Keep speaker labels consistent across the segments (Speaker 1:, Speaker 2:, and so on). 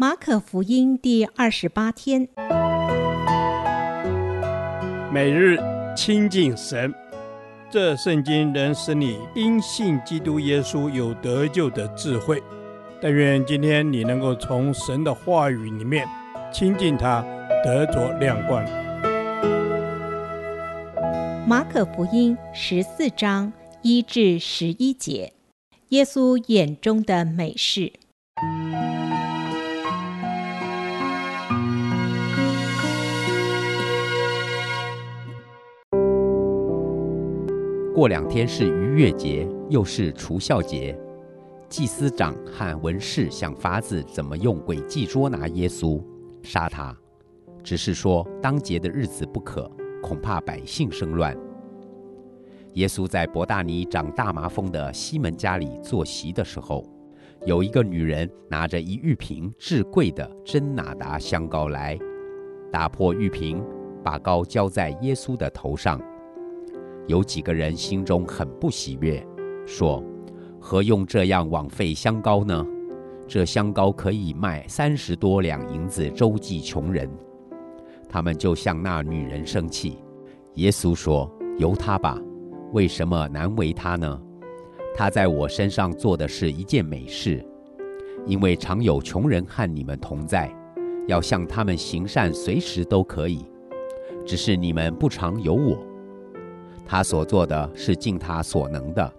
Speaker 1: 馬可福音第二十八天，
Speaker 2: 每日親近神，這聖經能使你因信基督耶穌有得救的智慧。但願今天你能夠從神的話語裡面親近他，得着亮光。
Speaker 1: 馬可福音十四章一至十一節，耶穌眼中的美事。
Speaker 2: 過兩天是逾越節，又是除酵節，祭司長和文士想法子怎麼用詭計捉拿耶穌，殺他。只是說當節的日子不可，恐怕百姓生亂。耶穌在伯大尼長大麻風的西門家裡坐席的時候，有一個女人拿着一玉瓶至貴的真哪噠香膏來，打破玉瓶，把膏澆在耶穌的頭上。有幾個人心中很不喜悅，說：“何用這樣枉費香膏呢？這香膏可以賣三十多兩銀子，周濟窮人。”他們就向那女人生氣。耶穌說：“由他吧，為什麼難為他呢？他在我身上做的是一件美事，因為常有窮人和你們同在，要向他們行善，隨時都可以。只是你們不常有我。”他所做的是盡他所能的。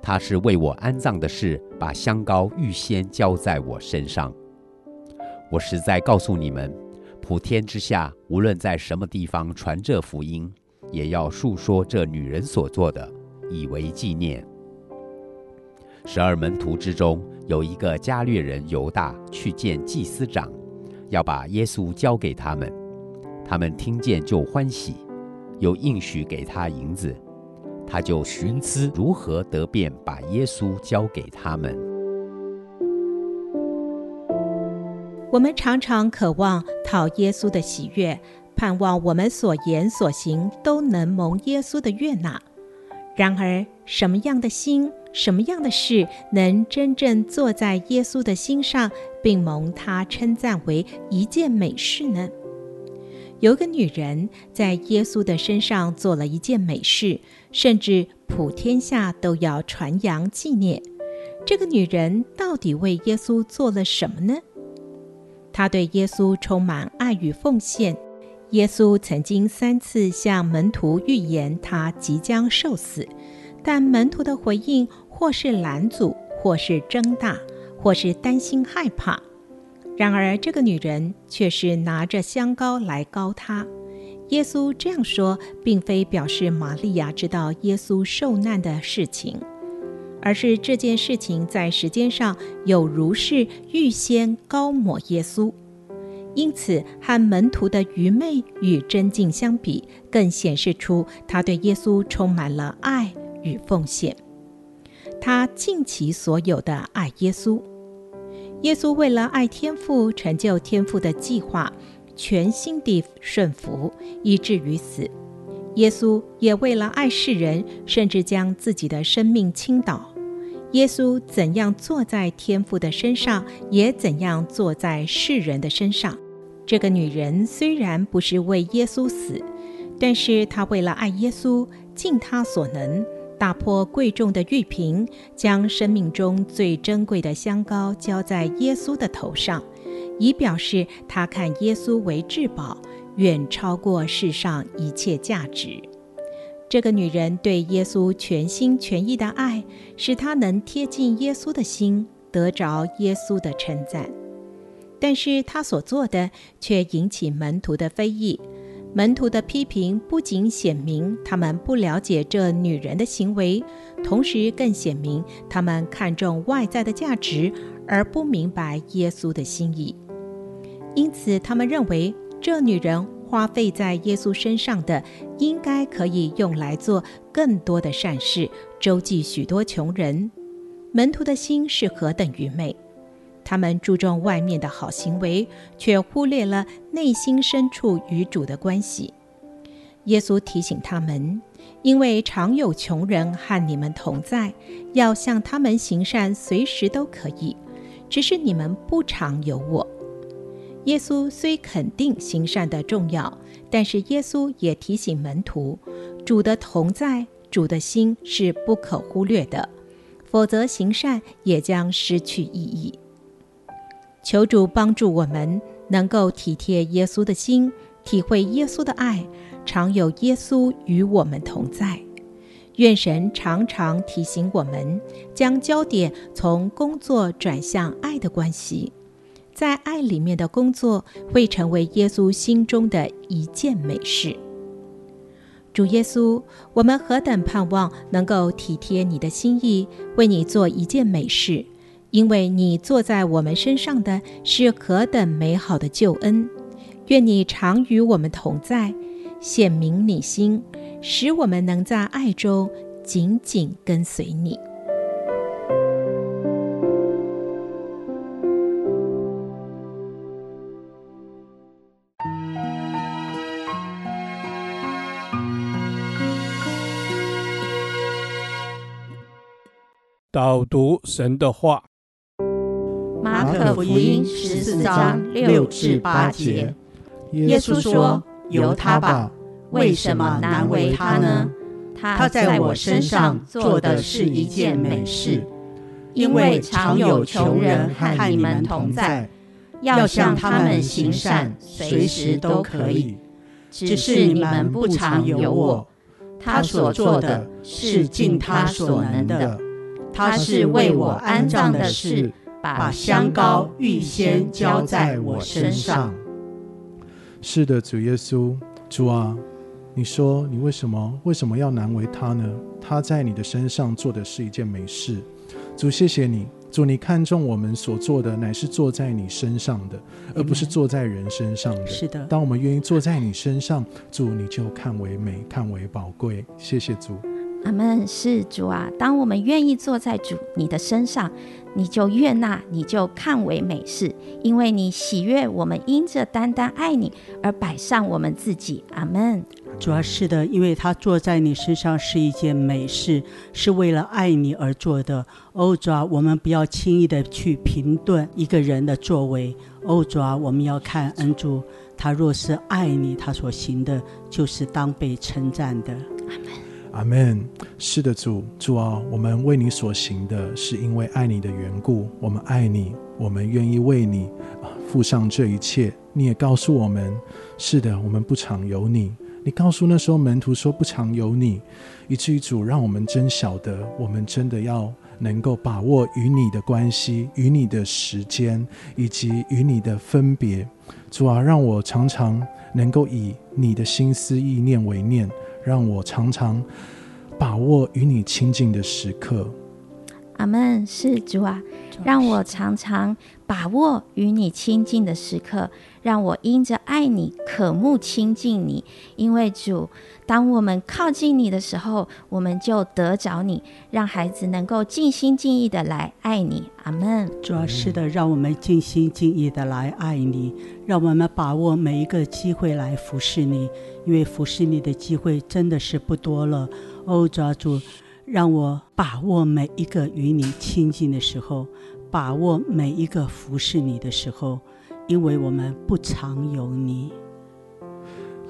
Speaker 2: 他是為我安葬的事，把香膏預先澆在我身上。我實在告訴你們，普天之下無論在什麼地方傳這福音，也要述說這女人所做的，以為紀念。十二門徒之中有一個加略人猶大去見祭司長，要把耶穌交給他們。他們聽見就歡喜。又應許給他銀子，他就尋思如何得便把耶穌交給他們。
Speaker 1: 我們常常渴望討耶穌的喜悅，盼望我們所言所行都能蒙耶穌的悅納。然而，什麼樣的心，什麼樣的事，能真正坐在耶穌的心上，並蒙他稱讚為一件美事呢？有個女人在耶穌的身上做了一件美事，甚至普天下都要傳揚紀念。這個女人到底為耶穌做了什麼呢？她對耶穌充滿愛與奉獻。耶穌曾經三次向門徒預言他即將受死，但門徒的回應或是攔阻，或是爭大，或是擔心害怕。然而，這個女人卻是拿着香膏來膏他。耶穌這樣說，並非表示瑪利亞知道耶穌受難的事情，而是這件事情在時間上有如是預先膏抹耶穌。因此，和門徒的愚昧與真敬相比，更顯示出她對耶穌充滿了愛與奉獻。她盡其所有的愛耶穌。耶穌為了愛天父、成就天父的計劃，全心地順服，以至於死。耶穌也為了愛世人，甚至將自己的生命傾倒。耶穌怎樣坐在天父的身上，也怎樣坐在世人的身上。這個女人雖然不是為耶穌死，但是她為了愛耶穌，盡她所能。打破貴重的玉瓶，將生命中最珍貴的香膏澆在耶穌的頭上，以表示他看耶穌為至寶，遠超過世上一切價值。這個女人對耶穌全心全意的愛，使她能貼近耶穌的心，得着耶穌的稱讚。但是她所做的，卻引起門徒的非議。門徒的批評不僅顯明他們不了解這女人的行為，同時更顯明他們看重外在的價值，而不明白耶穌的心意。因此，他們認為這女人花費在耶穌身上的，應該可以用來做更多的善事，周濟許多窮人。門徒的心是何等愚昧！他們注重外面的好行為，卻忽略了內心深處與主的關係。耶穌提醒他們：“因為常有窮人和你們同在，要向他們行善，隨時都可以。只是你們不常有我。”耶穌雖肯定行善的重要，但是耶穌也提醒門徒：“主的同在，主的心是不可忽略的，否則行善也將失去意義。”求主幫助我們，能夠體貼耶穌的心，體會耶穌的愛，常有耶穌與我們同在。願神常常提醒我們，將焦點從工作轉向愛的關係，在愛裡面的工作會成為耶穌心中的一件美事。主耶穌，我們何等盼望能夠體貼你的心意，為你做一件美事。因為你坐在我們身上的是何等美好的救恩，願你常與我們同在，顯明你心，使我們能在愛中緊緊跟隨你。
Speaker 3: 導讀神的話。馬可福音十四章六至八節，耶穌說：“由他吧，為什麼難為他呢？他在我身上做的是一件美
Speaker 2: 事，因為常有窮人和你們同在。要向他們行善，隨時都可以，只是你們不
Speaker 3: 常有我。他所做的是盡他所能的，
Speaker 4: 他是為我安葬的事。”把香
Speaker 3: 膏預先澆在我身上。身上，是的，主耶穌，主啊，你說你為什麼為什麼要難為他呢？他在你的身上做的是一件美事。主，謝謝你，主，你看中我們所做的乃是做在你身上的，嗯、而不是做在人身上的。是的，當我們願意做在你身上，主，你就看為美，看為寶貴。謝謝主。
Speaker 5: 是，阿門，主啊，當我們願意坐在主你的身上，你就悅納，你就看為美事，因為你喜悅我們因着單單愛你而擺上我們自己。阿門。主
Speaker 4: 啊，是的，因為他坐在你身上是一件美事，是為了愛你而做的。哦，主啊，我們不要輕易的去評斷一個人的作為。哦，主啊，我們要看恩主，他若是愛你，他所行的就是當被稱讚的。阿門。
Speaker 3: 阿門。是的，主主啊，我們為你所行的，是因為愛你的緣故。我們愛你，我們願意為你啊付上這一切。你也告訴我們，是的，我們不常有你。你告訴那時候門徒說不常有你，以至於主讓我們真曉得，我們真的要能夠把握與你的關係、與你的時間，以及與你的分別。主啊，讓我常常能夠以你的心思意念為念。讓我常常把握與你親近的時刻。
Speaker 5: 阿門，是主啊，主啊，讓我常常把握與你親近的時刻，讓我因着愛你渴慕親近你，因為主，當我們靠近你的時候，我們就得着你，讓孩子能夠盡心盡意的來愛你。
Speaker 4: 阿門。主啊、啊、是的，讓我們盡心盡意的來愛你，讓我們把握每一個機會來服侍你，因為服侍你的機會真的是不多了。哦，抓住、啊。主讓我把握每一個與你親近的時候，把握每一個服侍你的時候，因為我們不常有你。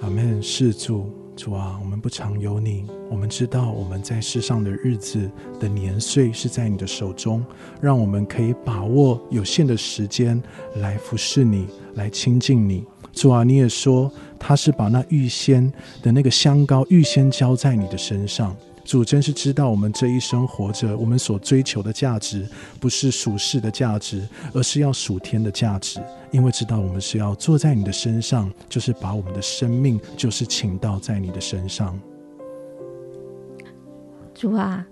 Speaker 3: 阿門。是主，主啊，我們不常有你。我們知道我們在世上的日子的年歲是在你的手中，讓我們可以把握有限的時間來服侍你，來親近你。主啊，你也說他是把那預先的那個香膏預先澆在你的身上。主真是知道我們這一生活着，我們所追求的價值不是屬世的價值，而是要屬天的價值。因為知道我們是要坐在你的身上，就是把我們的生命就是傾倒在你的身上。
Speaker 5: 主啊。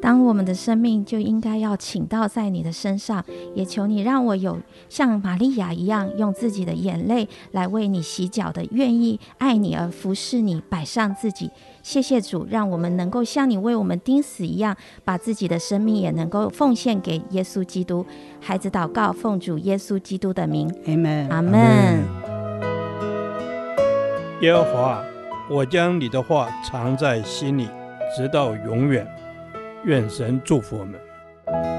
Speaker 5: 當我們的生命就應該要傾倒在你的身上，也求你讓我有像瑪利亞一樣，用自己的眼淚來為你洗腳的，願意愛你而服侍你，擺上自己。謝謝主，讓我們能夠像你為我們釘死一樣，把自己的生命也能夠奉獻給耶穌基督。孩子，禱告，奉主耶穌基督的名，阿門。阿門。
Speaker 2: 耶和華，我將你的話藏在心裡，直到永遠。願神祝福我們。